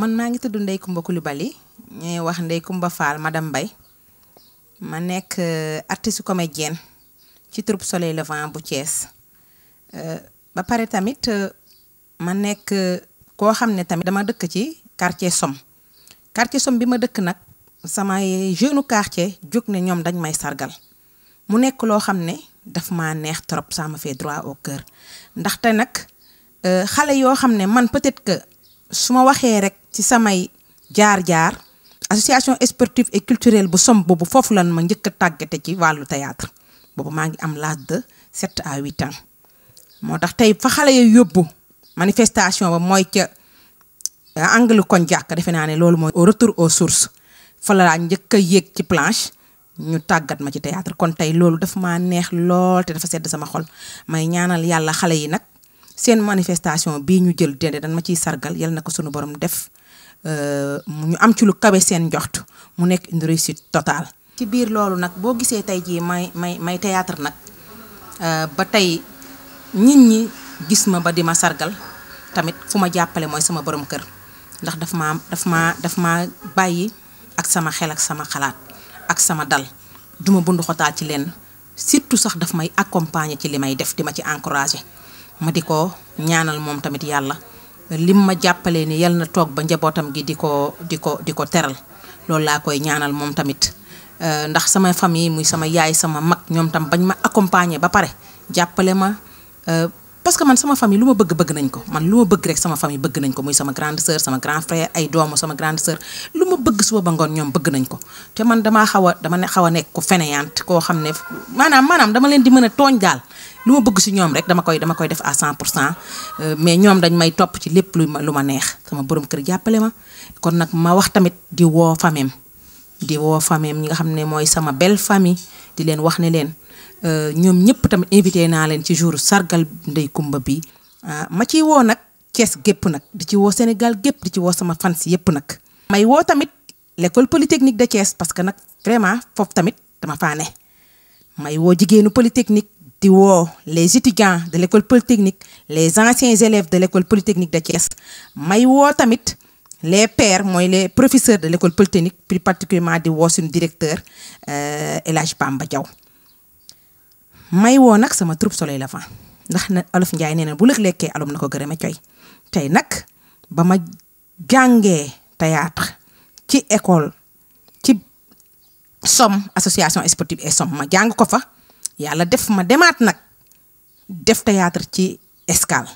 man maa ngi tudd Ndeye Coumba Coulibaly ñuy wax ndey Ndeye Coumba ma madame Mbaye ma nekk euh, artiste comédienne ci troupe Soleil Levant bu Thiès euh, ba pare tamit euh, ma nekk koo xam ne tamit dama dëkk ci quartier Somme quartier Somme bi ma dëkk nag samay jeune quartier jóg ne ñoom dañ may sargal mu nekk loo xam ne daf ma neex trop ça me fait droit au cœur ndaxte nag xale yoo xam ne man peut-être que su ma waxee rek ci samay jaar-jaar association sportive et culturelle bu som bu foofu lan ma njëkk a tàggate ci wàllu théâtre boobu maa ngi am l'âge de set à huit ans moo tax tey fa xale yooyu yóbbu manifestation ba mooy ca euh, angle kon jàkk defe naa ne loolu mooy au retour aux sources fa laa njëkk a yéeg ci planche ñu tàggat ma ci théâtre kon tey loolu dafa ma neex lool te dafa sedd sama xol may ñaanal yàlla xale yi nag seen manifestation bii ñu jël dende dan ma ciy sargal yal na ko sunu borom def euh, ñu am ci lu kawe seen njoxt mu nekk une total ci biir loolu nag boo gisee tey jii may may may théâtre nag euh, ba tey nit ñi gis ma ba di ma sargal tamit fu ma jàppale mooy sama borom kër ndax daf maa daf maa daf maa bàyyi ak sama xel ak sama xalaat ak sama dal duma bundu xotaal ci leen surtout sax daf may accompagner ci li may def di ma ci encourager. ma di ko ñaanal moom tamit yàlla lim ma jàppalee ni yal na toog ba njabootam gi di ko di ko di ko teral loolu laa koy ñaanal moom tamit euh, ndax sama famille muy sama yaay sama mag ñoom tam bañ ma accompagner ba pare jàppale ma euh, parce que man sama famille lu ma bëgg bëgg nañ ko man lu ma bëgg rek sama famille bëgg nañ ko muy sama grande sœur sama grand frère ay doomu sama grande sœur lu ma bëgg suba ba ngoon ñoom bëgg nañ ko te man damaa xaw a dama ne xaw a nekk ko fainéante koo xam ne maanaam maanaam dama leen di mën a tooñ daal lu bëgg ci ñoom rek dama koy dama koy def à 100% euh, mais ñoom dañ may top ci lépp lu luma lu neex sama borom kër jàppale ma kon nak ma wax tamit di woo famem di woo famem ñi nga xam ne mooy sama belle famille di leen wax ne leen euh, ñoom ñëpp tamit invité naa leen ci jour sargal ndey kumba bi ah, ma ciy woo nag Thiès gépp nag di ci woo Sénégal gépp di ci woo sama fans yépp nag may woo tamit l'école polytechnique de Thiès parce que nag vraiment foofu tamit dama faa ne may woo jigéenu polytechnique di woo les étudiants de l'école polytechnique les anciens élèves de l'école polytechnique de Thiès may woo tamit les pères mooy les professeurs de l'école polytechnique plus particulièrement di woo directeur euh, Elage Bamba Diaw may woo nag sama troupe Soleil Levant ndax na Olof Njaay nee na bu lëg lekkee alum na ko gërëme coy tey nag ba ma jàngee théâtre ci école ci somme, association sportive et somme, ma jàng ko fa yàlla def ma demaat nag def théâtre ci Escale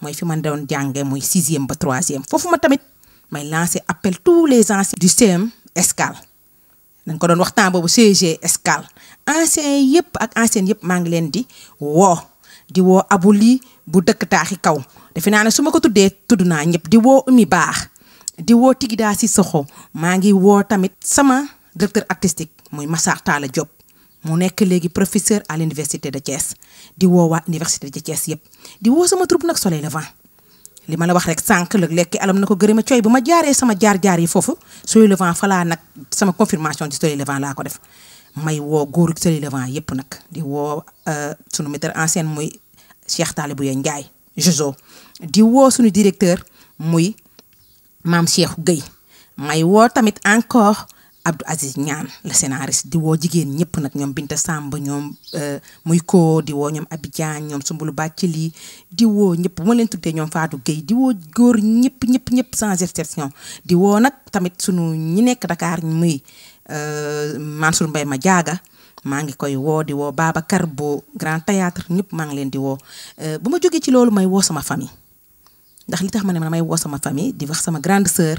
mooy fi ma doon jàngee mooy sixième ba troisième foofu ma tamit may lancer appel tous les anciens du CM Escale dañ ko doon waxtaan boobu CG Escale anciens yëpp ak anciennes yëpp maa ngi leen di woo di woo abuli bu dëkk taaxi kaw defe naa ne su ma ko tuddee tudd naa ñëpp di woo umi baax di woo si Sissoko maa ngi woo tamit sama directeur artistique muy Massar Talla Diop mu nekk léegi professeur à l'université de Thiès di woo waa université de Thiès yëpp di woo sama troupe nag soleil levant li ma la wax rek sànq la lekki alam na ko ma cooy bu ma jaaree sama jaar-jaar yi foofu soleil levant falaa nag sama confirmation di soleil levant laa ko def may woo góoru soleil levant yëpp nag di woo euh, sunu metteur en scène muy Cheikh Talibou Yeye Ndiaye Jojo di woo suñu directeur muy maam Cheikh Gueye may woo tamit encore Abdou Aziz Niane la scénariste di jigéen ñëpp nag ñoom Binta Samb ñoom euh, muy ko di woo ñoom Abidjan ñoom Sumbulu Bàccili lii diwoo ñëpp bu ma leen tuddee ñoom faatu Gueye di góor ñëpp ñëpp ñëpp sans exception di woo nag tamit suñu ñi nekk Dakar muy maan euh, Mansour mbay ma jaaga maa ngi koy woo di woo Babacar bu Grand Théâtre ñëpp maa ngi leen di woo euh, bu ma jógee ci loolu may woo sama famille ndax li tax ma ne man may woo sama famille di wax sama grande seur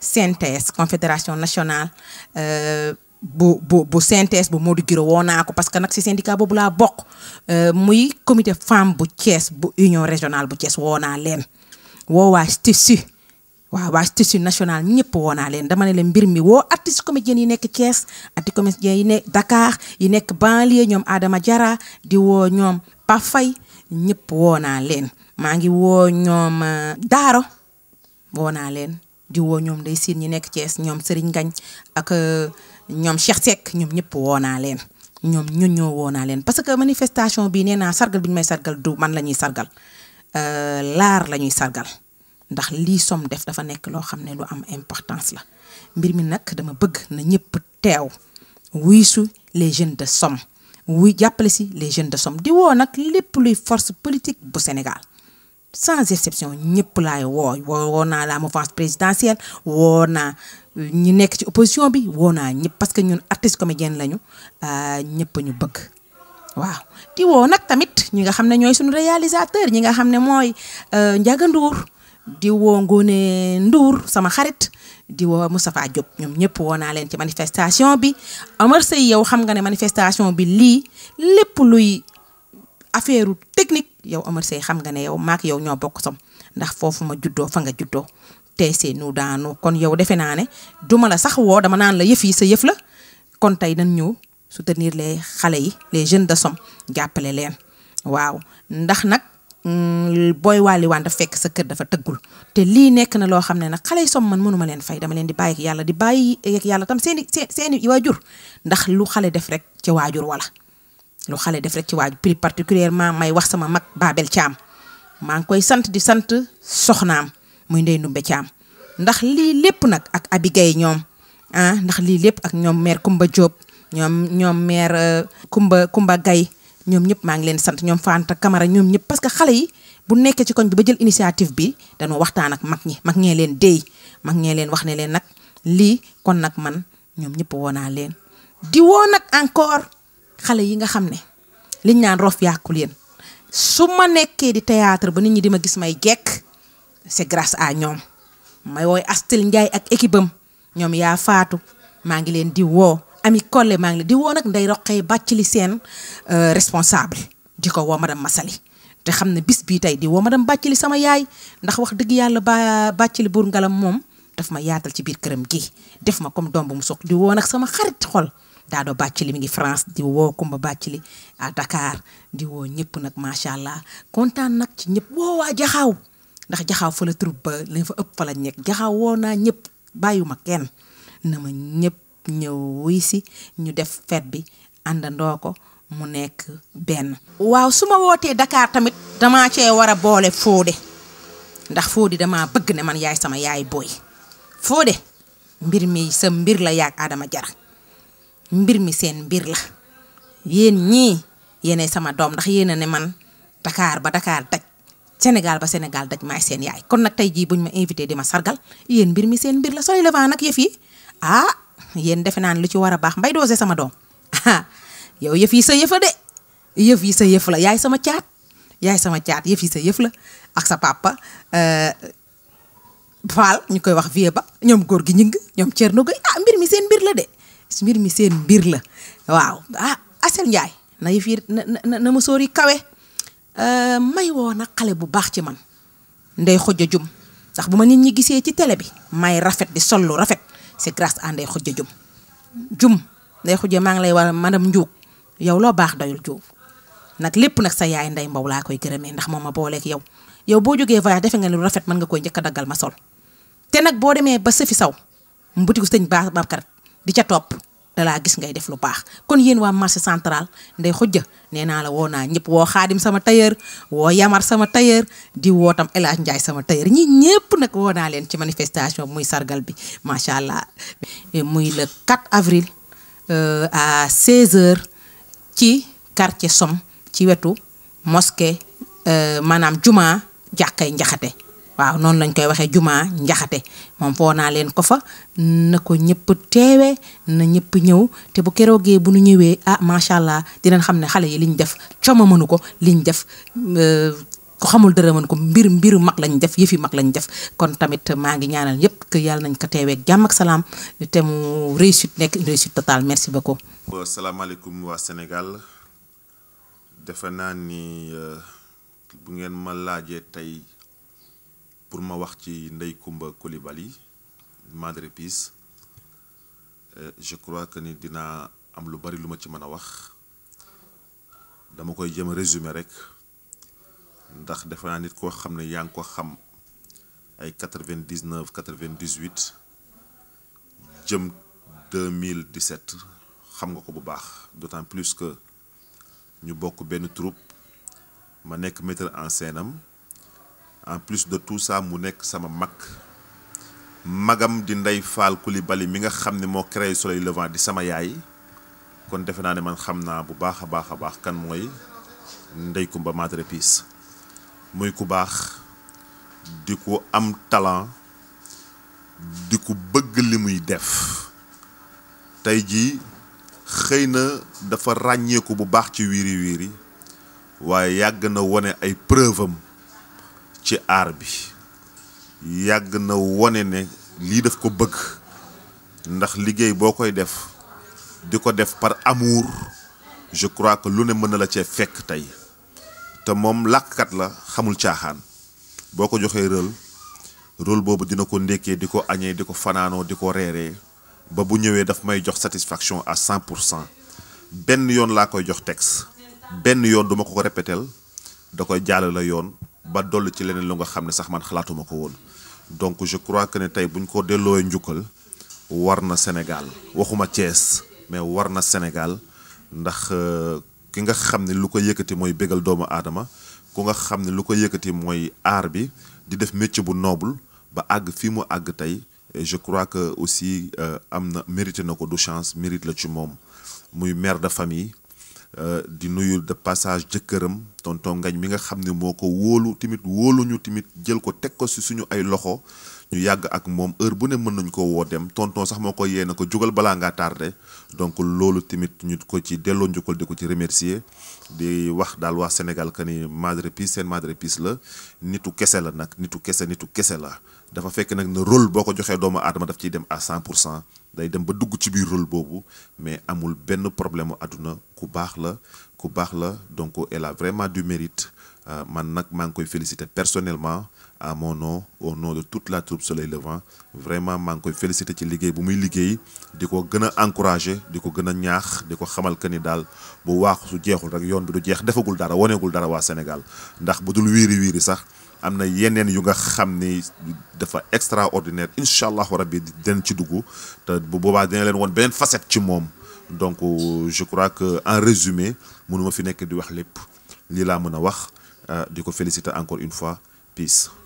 CNTS confédération nationale eh, bu bu Sentes, CNTS bu Modou Giro woo naa ko parce que nag si syndicat komite laa eh, muy comité femme bu Thiès bu union régionale bu Thiès wona len, wo wa waa wa wa waa nasional, national ñëpp woo naa leen dama ne leen mbir mi woo artiste comédien yi nekk Thiès artiste comédien yi nekk Dakar yi nekk banlieue ñoom Adama Diarra di wo ñoom Pafay ñëpp woo naa leen maa ngi woo ñoom eh, Daaro di ñoom day siin ñi nekk Thiès ñoom Serigne Gagne ak euh, ñoom Cheikh Seck ñoom ñëpp woo naa leen ñoom ñun ñoo naa leen parce que manifestation bi nee naa sargal bi ñu may sargal du man la ñuy sargal euh, laar la ñuy sargal ndax lii som def dafa nekk loo xam ne lu am importance la mbir mi nag dama bëgg na ñëpp teew wuyu les jeunes de Somme wuy jàppale si les jeunes de Somme di woo nag lépp luy force politique bu Sénégal sans exception ñëpp laay woo woo woo naa la mouvance présidentielle woo naa ñu nekk ci opposition bi woo naa ñëpp parce que ñun artiste comédienne lañu euh, ñëpp ñu bëgg waaw. di nag tamit ñi nga xam ne ñooy suñu réalisateur ñi nga xam ne mooy euh, Ndiaga Ndour di woo Ngone Ndour sama xarit di woo Moustapha Diop ñoom ñëpp woo naa leen ci manifestation bi Omar Seye yow xam nga ne manifestation bi lii lépp luy affaire technique. yow Omar Seye xam nga ne yow maak yow ñoo bokk som ndax foofu ma juddoo fa nga juddoo tey see nu kon yow defe naa ne duma la sax woo dama naan la yëf yi sa yëf la kon tey dañ ñëw soutenir les xale yi les jeunes de som jàppale leen waaw ndax nag mm, booy wàlli waan fekk sa kër dafa tëggul te lii nekk na loo xam ne nag xale yi som man mënuma leen fay dama leen di bàyyi yàlla di bàyyi yàlla tam seeni seeni waajur ndax lu xale def rek ci waajur wala lu xale def rek ci waaju plus particulièrement may wax sama mag Babel Thiam maa ngi koy sant di sant soxnaam muy Ndeye Ndumbe Thiam ndax lii lépp nag ak Abigay ñoom ah ndax lii lépp ak ñoom mère Kumba Diop ñoom ñoom mère Kumba euh, Kumba Gay ñoom ñëpp maa ngi leen sant ñoom Fanta Camara ñoom ñëpp parce que xale yi bu nekkee koñ bi ba jël initiative bi dañoo waxtaan ak mag ñi mag ñee leen dey mag ñee leen wax ne leen nag lii kon nag man ñoom ñëpp woo naa leen di woo nag encore. xalé yi nga xamné liñ naan rof yakul yeen suma nekké di théâtre ba nit ñi dima ma gis may gek c'est grâce à ñom may woy astil ndjay ak équipe ñom ya yaa faatu ngi leen di wo Ami Collé ma ngi di wo nak nday roxé bacc li euh responsable diko wo madame massali té xamné bis bi tay di wo madame bacc li sama yaay ndax wax dëgg yalla ba bacc li buur ngalam mom daf ma yaatal ci biir kërëm gi def ma comme dombu mu di wo nak sama xarit xol Daado li mu ngi France di woo Kumba Bathily à Dakar di woo ñëpp nag macha allah kontaan nag ci ñëpp woo waa ndax jaxaw fa la troupe ba lañ fa ëpp fa la nekk jaxaaw woo naa ñëpp ma kenn na ma ñëpp ñëw wuy si ñu def fête bi àndandoo ko mu nekk benn. waaw su ma wootee Dakar tamit damaa cee war a boole Fodé ndax Fodé damaa bëgg ne man yaay sama yaay booy Fodé mbir mi sa mbir la yaag Adama Jara mbir mi seen mbir la yéen ñi yene sama dom. ndax yéen ne man Dakar ba Dakar daj senegal ba senegal daj may seen yaay kon nak tay ji buñ ma inviter di ma sargal yéen mbir mi seen mbir la sooy levant nak yefi ah yéen def naan lu ci wara a mbay doose sama dom. Ah, yow yefi sa yefa de yefi sa yef la yaay sama caat yaay sama caat yefi sa yef la ak sa papa euh fal ñukoy wax vie ba ñom gor gi ñing ñom bir misen ah mbir mi seen mbir la de mbir mi seen mbir la waaw ah Asel Ndiaye na na na ma sóor yi kawe euh, may woo nag xale bu baax ci man ndey xoj a jum ndax bu ma nit ñi gisee ci télé bi may rafet di sol lu rafet c'est grâce à ndey xoj a jum jum ndey xujje maa ngi lay war madame Ndiouk yow loo baax doyul Ndiouk nag lépp nag sa yaay ndey mbaw laa koy gërëmee ndax moom ma booleeg yow yow boo jógee voyage defe nga lu rafet mën nga koy njëkka daggal ma sol te nag boo demee ba sëfi saw mbutiku sëñ Babacar di ca da la gis ngay def lu bax kon yeen wa marché central ndey xujja neena la wona ñep wo xadim sama tailleur wo yamar sama tailleur di wotam tam El sama tailleur ñi ñep nak wona len ci manifestation muy sargal bi macha allah. muy le 4 avril euh, à 16h ci quartier som ci wetu mosquée euh, Manam juma jàkkay njaxate waaw noonu lañ koy waxee juma njaxate moom foo naa leen ko fa na ko ñëpp teewee na ñëpp ñëw te bu keroogee bu nu ñëwee ah macha allah dinañ xam ne xale yi liñ def coma mënu ko liñ def euh, ko xamul dara man ko mbir mbiru mag lañ def yëfi mag lañ def kon tamit maa ngi ñaanal yépp que yàlla nañ ko teewee jàmm ak salaam te mu réussite nekk une réussite totale merci beaucoup. salaamaaleykum wa Sénégal defe naa ni euh, bu ngeen ma laajee tey pour ma wax ci Ndeye Kumba Coulibaly Madrepeace euh, je crois que ni dinaa am lu bari luma ci mën wax dama koy jëm résumer rek ndax defa naa nit ko xam yang ko xam ay 99 98 jëm 2017 xam nga ko bu baax d'autant plus que ñu bokk ben troupe ma nekk metteur en scène am en plus de tout ça mu nekk sama mag magam di Ndeye Fall Coulibaly mi nga xam ni moo créé Soleil Levant di sama yaay kon defe naa ne man xam naa bu baax a baax a baax kan mooy Ndeye Kumba Madre Piss muy ku baax di ku am talent di ku bëgg li muy def tey jii xëy na dafa ràññeeku bu baax ci wiiri wiiri waaye yàgg na wone ay preuve ci aar bi yàgg na wone ne lii daf ko bëgg ndax liggéey boo koy def di ko def par amour je crois que lu ne mën na la cee fekk tey te moom làkkat la xamul caaxaan boo ko joxee rôle rôle boobu dina ko ndékkee di ko añee di ko fanaanoo di ko reeree ba bu ñëwee dafa may jox satisfaction à cent pour cent benn yoon laa koy jox tex benn yoon duma ko ko répétel da koy jaale la yoon ba ci leneen sax man donc je crois que ne tey Nous ko delloo njukkal war na Sénégal waxuma Thiès mais war Sénégal ndax euh, ki nga xam lu ko yëkkati mooy bégal doomu aadama ku nga xam lu ko yëkkati mooy aar bi di def métier bu noble ba àgg fii mu je crois que aussi euh, am na mérité na ko chance mérite la ci muy mère de famille Euh, di nuyu de passage jëkkëram tonton Ngañ mi nga xam ne moo ko wóolu wóolu ñu tamit jël ko teg ko si suñu ay loxo ñu yàgg ak moom heure bu ne mën nañ ko woo dem tonton sax moo ko yee na ko jógal balaa ngaa tardé donc loolu tamit ñu ko ci delloo njukkal di ko ci remercier di wax daal waa Sénégal que ni Madre Pis seen Madre Pis la nitu kese la nag nitu kese nitu kese la. dafa fekk nak ne rôle boko ko joxee doomu adama daf ci dem à 100% day dem ba dugg ci biir rôle bobu mais amul ben problème aduna ku bax la ku bax la donc elle a vraiment du mérite euh, man nak mang koy féliciter personnellement à mon nom au nom de toute la troupe Soleil Levant vraiment mang koy féliciter ci liguey bu muy liguey diko gëna encourager diko gëna a ñaax diko xamal que ni dal bu waaxu su jeexul rek yoon bi du jeex defagul dara wonegul dara wa Sénégal ndax bu dul wiri sax amna yenen yu nga xamni dafa extraordinaire incha allahu rabbi den ci dugg te bu boobaa dina leen facette ci mom donc euh, je crois que en résumé mënuma fi nek di wax lepp li la mën wax euh, diko féliciter encore une fois peace